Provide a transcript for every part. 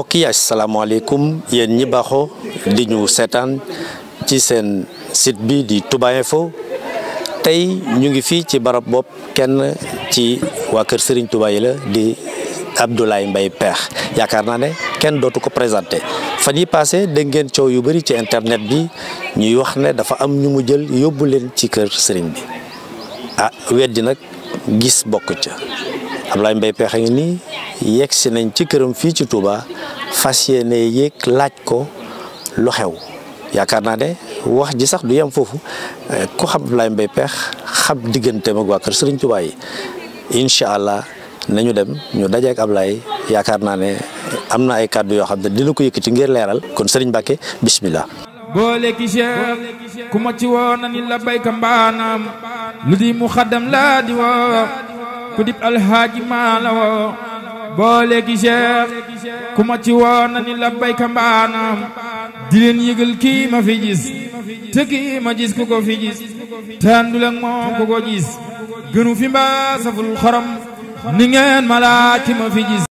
mbokk yi asalaamaaleykum yéen ñi baaxoo di ñu seetaan ci seen sit bi di Touba Info tey ñu ngi fii ci barab bopp kenn ci waa kër sëriñ Touba yi la di Abdoulaye mbay peex yaakaar naa ne kenn dootu ko présenté fan yi passé dégg ngeen coow yu bëri ci internet bi ñuy wax ne dafa am ñu mu jël yóbbu leen ci kër sëriñ bi ah weddi nag gis bokk ca. Ablaye Mbaye Pekh a ngi yegg si nañ ci këram fii ci Touba fas yéene yéeg laaj ko lu xew yaakaar naa ne wax ji sax du yem foofu ku xam Ablaye Mbaye Pekh xam digganteem ak waa kër Serigne Touba yi incha allah nañu dem ñu dajeek Ablaye yaakaar naa ne am na ay kàddu yoo xam ne dina ko yëkkati ngir leeral kon sëriñ Mbacke bismillah. boole ki Cheikh ku ci woo ni la bayka mbaanaam lu di muxaddam laa di woo. ku dib alxaaji maala woo boole gi Cheikh ku ma ci woo na ni labbayka mbaanaam di leen yëgal kii ma fi gis te kii ma gis ku ko fi gis tàndul ak moom ku ko gis gënu fi mbaa saful xorom ni ngeen ma laaj ki ma fi gis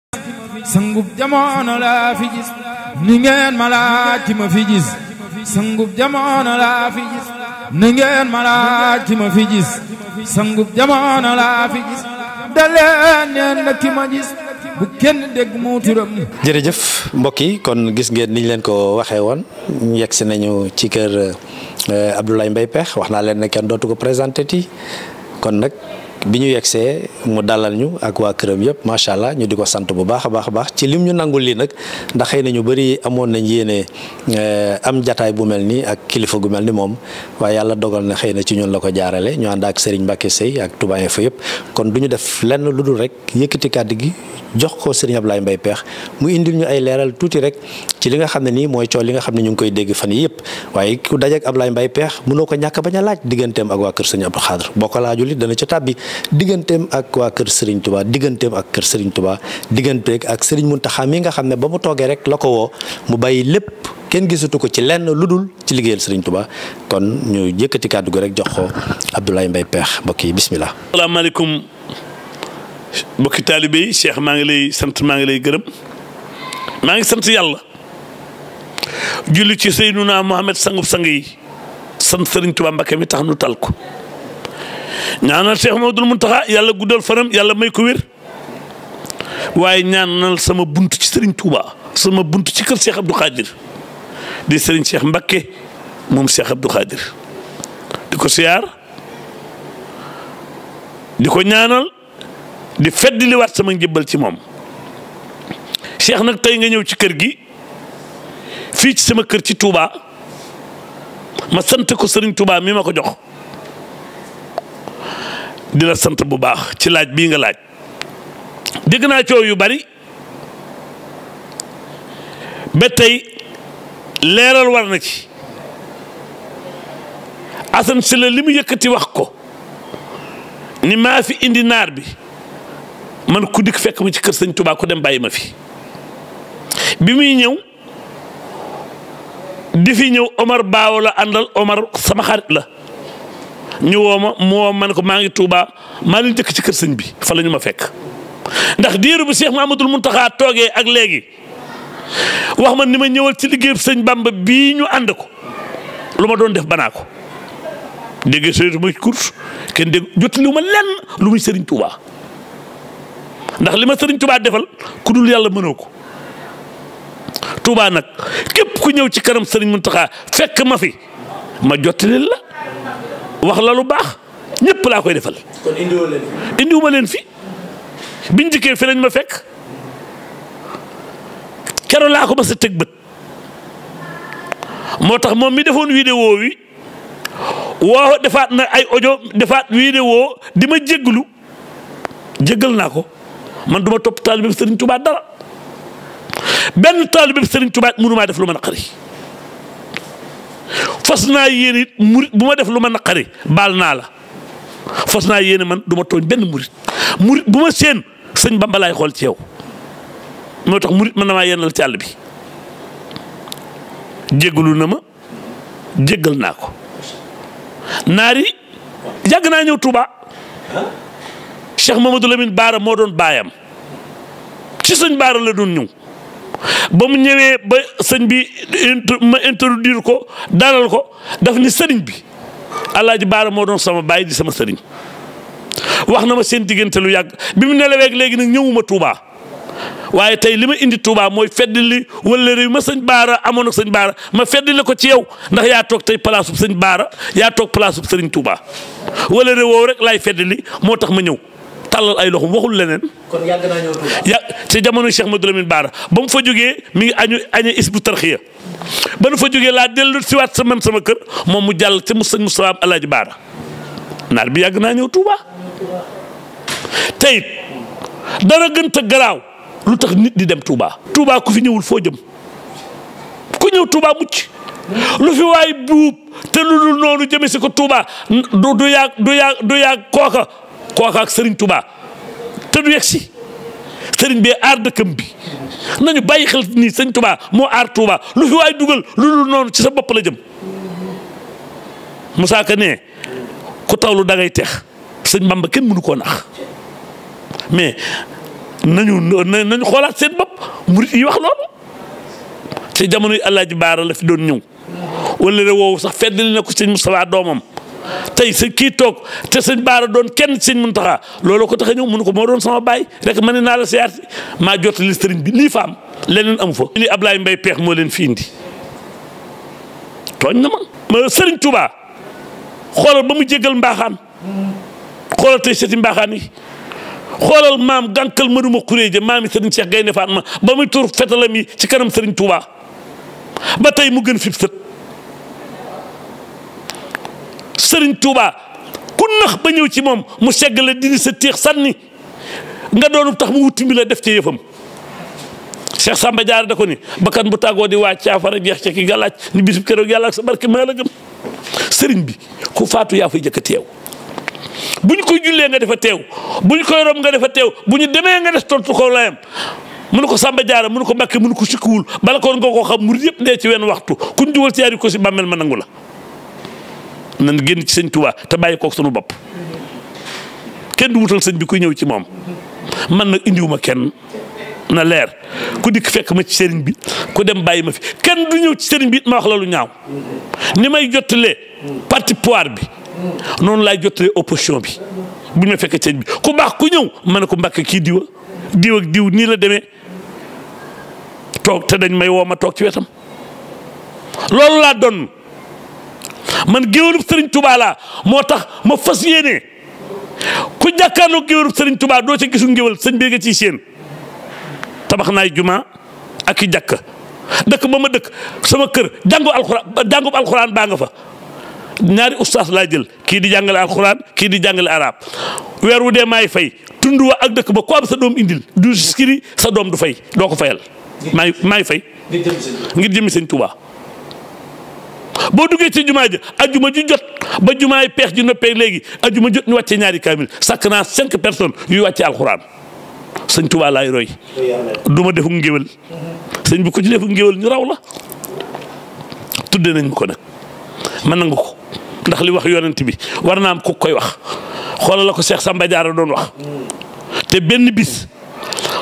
sangub jamono laa fi gis ni ma laaj ki ma fi gis sangub jamono laaj fi gis sangub jamono daleen neen na ki ma bu kenn dégg jërëjëf mbokk yi kon gis ngeen niñ leen ko waxee woon yegg si nañu ci kër euh, Abdoulaye mbay Pekh wax naa leen ne kenn dootu ko présenté ti kon nag bi ñu yegsee mu dalal ñu ak waa këram yëpp macha allah ñu di ko sant bu baax a baax a baax ci lim ñu nangul lii nag ndax xëy na ñu bëri amoon nañ yéene eh, am jataay bu mel nii ak kilifa gu mel ni moom waaye yàlla dogal na xëy na ci ñun la ko jaarale ñu ànd ak Serigne Mbacke Seye ak Touba Info yëpp kon du ñu def lenn lu dul rek yëkkati kàddu gi. jox ko sëriñ Ablaye Mbaye Peex mu indil ñu ay leeral tuuti rek ci li nga xam ne nii mooy coow li nga xam ne ñu ngi koy dégg fan yi yëpp waaye ku dajeek Ablaye Mbaye Peex mënoo ko ñàkk bañ a laaj digganteem ak waa kër sëriñ Abdou Khadre boo ko laajul it dana ca tàbbi digganteem ak waa kër sëriñ Touba digganteem ak kër sëriñ Touba digganteeg ak sëriñ Mountakha mi nga xam ne ba mu toogee rek la ko woo mu bàyyi lépp kenn gisatu ko ci lenn lu dul ci liggéeyal sëriñ tubaa kon ñu yëkkati kàddu gi rek jox ko Abdoulaye mbay Peex mbokk yi bismillah asalaamaaleykum mbokki taalibe yi Cheikh maa ngi lay sant maa ngi lay gërëm maa ngi sant yàlla julli ci Seydunaa Muhammad sangub sang yi sant Sëriñ Tuubaa Mbakke mi tax nu tal ko ñaanal Cheikh Mamadul Muntaxa yàlla guddal fanam yàlla may ko wér waaye ñaanal sama bunt ci Sëriñ Tuubaa sama bunt ci kër Cheikh Abdou Khadir di Sëriñ Cheikh Mbakke moom Cheikh Abdou Khadir di ko siyaar di ko ñaanal di fedd li waat sama njëbbal ci moom Cheikh nag tey nga ñëw ci kër gi fii ci sama kër ci Touba ma sant ko Serigne Touba mi ma ko jox di la sant bu baax ci laaj bii nga laaj dégg naa coow yu bari ba tey leeral war na ci Assane si la li mu yëkkati wax ko ni maa fi indi naar bi man ku dikk fekk ma ci kër sëñ Touba ku dem bàyyi ma fi bi muy ñëw di fi ñëw Omar Baaw la àndal Omar sama xarit la ñu woo ma mu ma ne ko maa ngi Touba maa leen dëkk ci kër sëñ bi fa la ma fekk ndax diiru bu Cheikh Mamadou Mountakha toogee ak léegi wax ma ni ma ñëwal ci liggéey sëñ Bamba bii ñu ànd ko lu ma doon def banaa ko dégg nga sëriñ ma kenn dégg jotali ma lenn lu muy sëriñ Touba. ndax li ma sëriñ Touba defal ku dul yàlla mënoo ko Touba nag képp ku ñëw ci kanam sëriñ Mountakha fekk ma fi ma jottali la wax la lu baax ñépp laa koy defal. kon indiwoo leen indiwuma leen fi bi njëkkee fi lañ ma fekk keroog laa ko ma sa teg bët moo tax moom mi defoon vidéo wi woo defaat na ay ojo defaat woo di ma jégglu jéggal naa ko man duma topp topp taalibe Serigne Touba dara benn taalibe Serigne Touba mënumaa def lu ma naqari fas naa yéene it murit bu ma def lu ma naqari baal naa la fas naa yéene man du ma tooñ benn murit murit bu ma seen sëñ Bamba laay xool ci yow moo tax murit man damaa yéenal ci àll bi jéggalu na ma jéggal naa ko naari yàgg Touba. Cheikh Mamadou Lamine Baara moo doon baayam ci sëñ Baara la doon ñëw ba mu ñëwee ba sëñ bi ma introduire ko dalal ko daf ni sëriñ bi Alaaji Baara moo doon sama baay di sama sëriñ wax na ma seen diggante lu yàgg bi mu nelawee léegi nag ñëwuma Touba waaye tey li ma indi Touba mooy feddali wala réew ma sëñ Baara amoon ak sëñ Baara ma feddali ko ci yow ndax yaa toog tey place bu sëñ Baara yaa toog place bu sëriñ Touba wala réew woowu rek laay tàllal ay loxo waxul leneen. kon yàgg naa ñëw Touba. jamono Cheikh Madou Lamine Bara ba mu fa jógee mi ngi añu añu isbu tarxiya ba nu fa jógee laa dellu siwaat sa même sama kër moom mu jàll te mu sëñ Moustapha Alaaji Bara naar bi yàgg naa ñëw Touba. tey dara gën te garaaw lu tax nit di dem Touba. Touba ku fi ñëwul foo jëm ku ñëw Touba mucc. lu fi waay buub te lu dul noonu jëme si ko Touba du yàgg du yàgg kooka kooka ak Serigne Touba te du yegg si bee aar dëkkam bi nañu bay xel ni Serigne Touba moo ar Touba lu fi waay dugal lu dul noonu ci sa bopp la jëm Moussa Ka ne ku tawlu dagay ngay teex sëñ Bamba kenn mënu koo nax mais nañu nañu xoolaat seen bopp murit yi wax loolu te jamono yi Alaaji Baara la fi doon ñëw wala woowu sax fedd li na ko sëñ Moustapha doomam. tey sa kii toog te sëñ baara doon kenn sëñ Muntaxa looloo ko tax a ñëw ko moo doon sama baay rek ma ne naa la siyaar maa jottali sëriñ bi lii fa am leneen amu fa. li Ablaye Mbaye Peex moo leen fi indi tooñ na ma. ma sëriñ Touba xoolal ba mu jégal mbaaxaan xoolal tey sëti mbaaxaan yi xoolal maam gànkal maduma kuréeje maam yi sëriñ Cheikh Gaynde Fatma ba muy tur fetalam yi ci kanam sëriñ Touba ba tey mu gën fi sët sëriñ tuuba ku nax ba ñëw ci moom mu segg la dindi sa téex sànni nga doonu tax mu wutti bi la def ca yëfam Cheikh Samba Diarra da ko ni bakkan bu tàggoo di waaj caafara jeex ca ki galaaj ni bisub keroog sa barke maa la gëm sëriñ bi ku faatu yaa fay jëkk teew bu ñu koy jullee nga defa teew bu ñu koy romb nga defa teew bu ñu demee nga def tontu ko layam mënu ko Samba Diarra mënu ko Mbàkke mënu ko sikkiwul bala koon nga ko xam murid yëpp dee ci wenn waxtu kuñ dugal ci yaari ko si bàmmeel ma nangu la nan génn ci sëñ Tuubaa te bàyyi kook sunu bopp kenn du wutal sëñ bi kuy ñëw ci moom man na indiw ma kenn na leer ku dikk fekk ma ci sëriñ bi ku dem bàyyi ma fi kenn du ñëw ci sëriñ bi ma wax la ñaaw ni may jottalee parti pouvoir bi noonu laay jottalee opposition bi bu ñu ma fekkee sëriñ bi ku baax ku ñëw ma ne ko mbàkk kii diwa diw ak diw nii la demee toog te dañ may woo ma toog ci wetam loolu laa doon. man géwélub Serigne Touba laa moo tax ma fas yéene ku jàkkaarloo géwélub sëriñ Touba doo ca gisu ngéwél sëñ bi nga ciy séen tabax naay juma ak i jàkka dëkk ba ma dëkk sama kër jàngu alxuraan jàngub baa nga fa ñaari ustaas laa jël kii di jàngale alxuraan kii di jàngale arab weer wu dee maay fay tund wa ak dëkk ba ko am sa doom indil du skiri sa doom du fay doo ko fayal. maay maay fay. ngir jëmi sëñ Tuubaa boo duggee ci jumaa ji ajuma ju jot ba jumaay peex ji noppee léegi ajuma jot ñu wàccee ñaari kaamil sàkk naa cinq personnes yuy wàccee alxuraan sëñ Tuubaa laay roy du ma defu ngéwél sëñ bu ko ci defu ngéwél ñu raw la tudde nañ ma ko nag man nangu ko ndax li wax yonent bi war naa am ku koy wax xoolal la ko Cheikh Samba Diarra doon wax te benn bis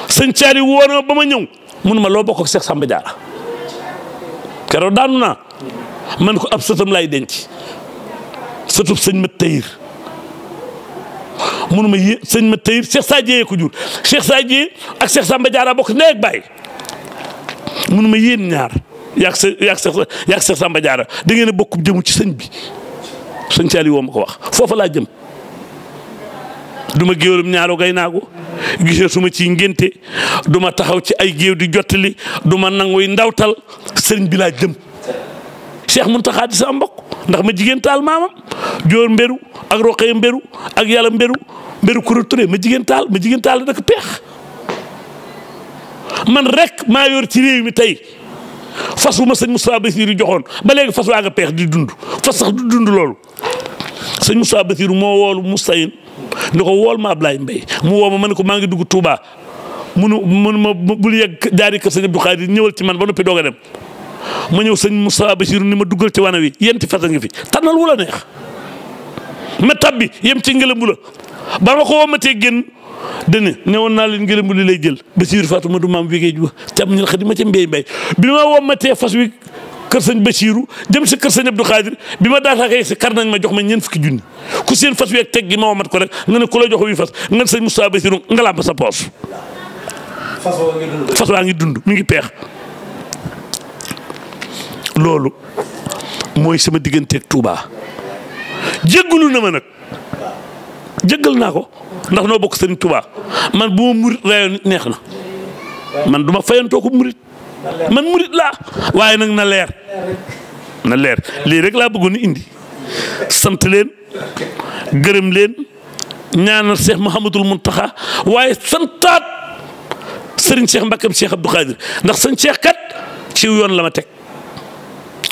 sëñ Thiari woo ba ma ñëw mun ma loo bokk ak Cheikh keroog daanu naa man ko ab sëtam laay denc sëtub sëñ ma tayir munu ma yé sëñ ma tayir Cheikh Sadie ko jur Cheikh Sadie ak Cheikh Samba Diarra bokk ndey ak baay munu ma yéen ñaar yaa ngi se yaa ngi Cheikh Samba Diarra da ngeen a jëmu ci sëñ bi sëñ Thiali woo ma ko wax foofa laa jëm. duma ma géwélum ñaaro gay naagu gisee suma ci ngénte duma taxaw ci ay géew di jottali du ma nanguy ndawtal sëriñ bi laa jëm Cheikh mun ta sama mbokk ndax ma jigéen taal maamam joor mbéru ak roqee mberu ak yàlla mberu mbéru kura ma jigéen taal ma jigéen taal la dëkk peex man rek maa yor ci réew mi tey fas wu ma sëñ Moustapha Bassirou joxoon ba léegi fas waa nga peex di dund fas sax du dund loolu sëñ Moustapha Bassirou moo woolu Moustahine ni ko wool ma Ablaye Mbaye mu woo ma ma ne ko maa ngi dugg Touba munu mun ma bul yegg jaari kër sëñ Abdou Khadir ñëwal ci man ba noppi doog a ma ñëw sëñ Moustapha Bassirou ni ma duggal ci wana wi yem ci fas nga fi tànnal wu neex ma tab bi yem ci ngelam bu ba nga ko womatee génn dene ne woon naa leen ngelam bu li lay jël Bassirou Fatou ma du maam ma ca mbéy mbéy bi ma womatee fas wi kër sëñ Bassirou jëm si kër sëñ bi ma daataa kay si ma jox ma ñeent fukki junni ku seen fas wi ak ko rek nga ne ku la jox wi fas nga ne sa poos fas waa ngi dund mi ngi peex loolu mooy sama digganteeg Touba jéggalu na ma nag jéggal naa ko ndax noo bokk sëriñ Touba man bu ma murit rayoon neex na man duma fayantoo ko murit man murit laa waaye nag na leer na leer lii rek laa bëggoon indi sant leen gërëm leen ñaanal Cheikh Mouhamadul Mountakha waaye santaat sëriñ Cheikh Mbakam Cheikh Abdou Khadir ndax sëñ Cheikh kat ci yoon la ma teg.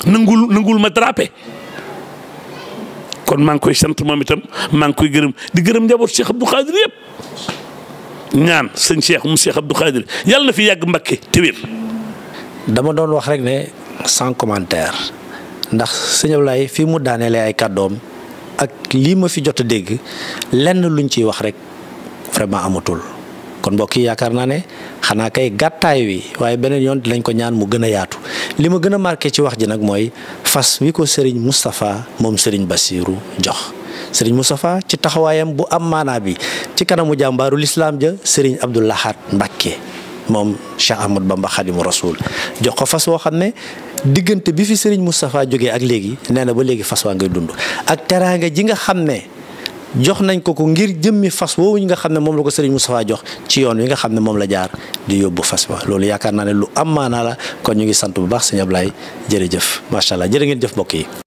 nangul nangul ma drapé kon maa ngi koy sant moom itam maa ngi koy gërëm di gërëm njaboot Cheikh Abdou Khadir yëpp ñaan sëñ Cheikh mu Cheikh Abdou Khadir yàlla na fi yàgg Mbakke te dama doon wax rek ne sans commentaire ndax sëñ Ablaye fii mu daanelee ay kàddoom ak lii ma fi jot a dégg lenn luñ ciy wax rek vraiment amatul. kon mbokk yi yaakaar naa ne xanaa kay gàttaay wi waaye beneen yoon dinañ ko ñaan mu gën a yaatu li ma gën a marqué ci wax ji nag mooy fas wi ko Serigne Moustapha moom sëriñ Bassirou jox. sëriñ Moustapha ci taxawaayam bu am maanaa bi ci kanamu jàmbaaru lislaam ja Serigne Abdoul Ahad Mbacké moom Cheikh Ahmadou Bamba Khadimu rasuul jox ko fas woo xam ne diggante bi fi Serigne mustafaa jógee ak léegi nee na ba léegi fas waa ngay dund ak teraanga ji nga xam ne jox nañ ko ko ngir jëmmi fas woowu ñu nga xam ne moom la ko mu Moustapha jox ci yoon wi nga xam ne moom la jaar di yóbbu fas wa loolu yaakaar naa ne lu am maanaa la kon ñu ngi sant bu baax sëñ Ablaye jërëjëf macha allah jërë ngeen jëf mbokk yi.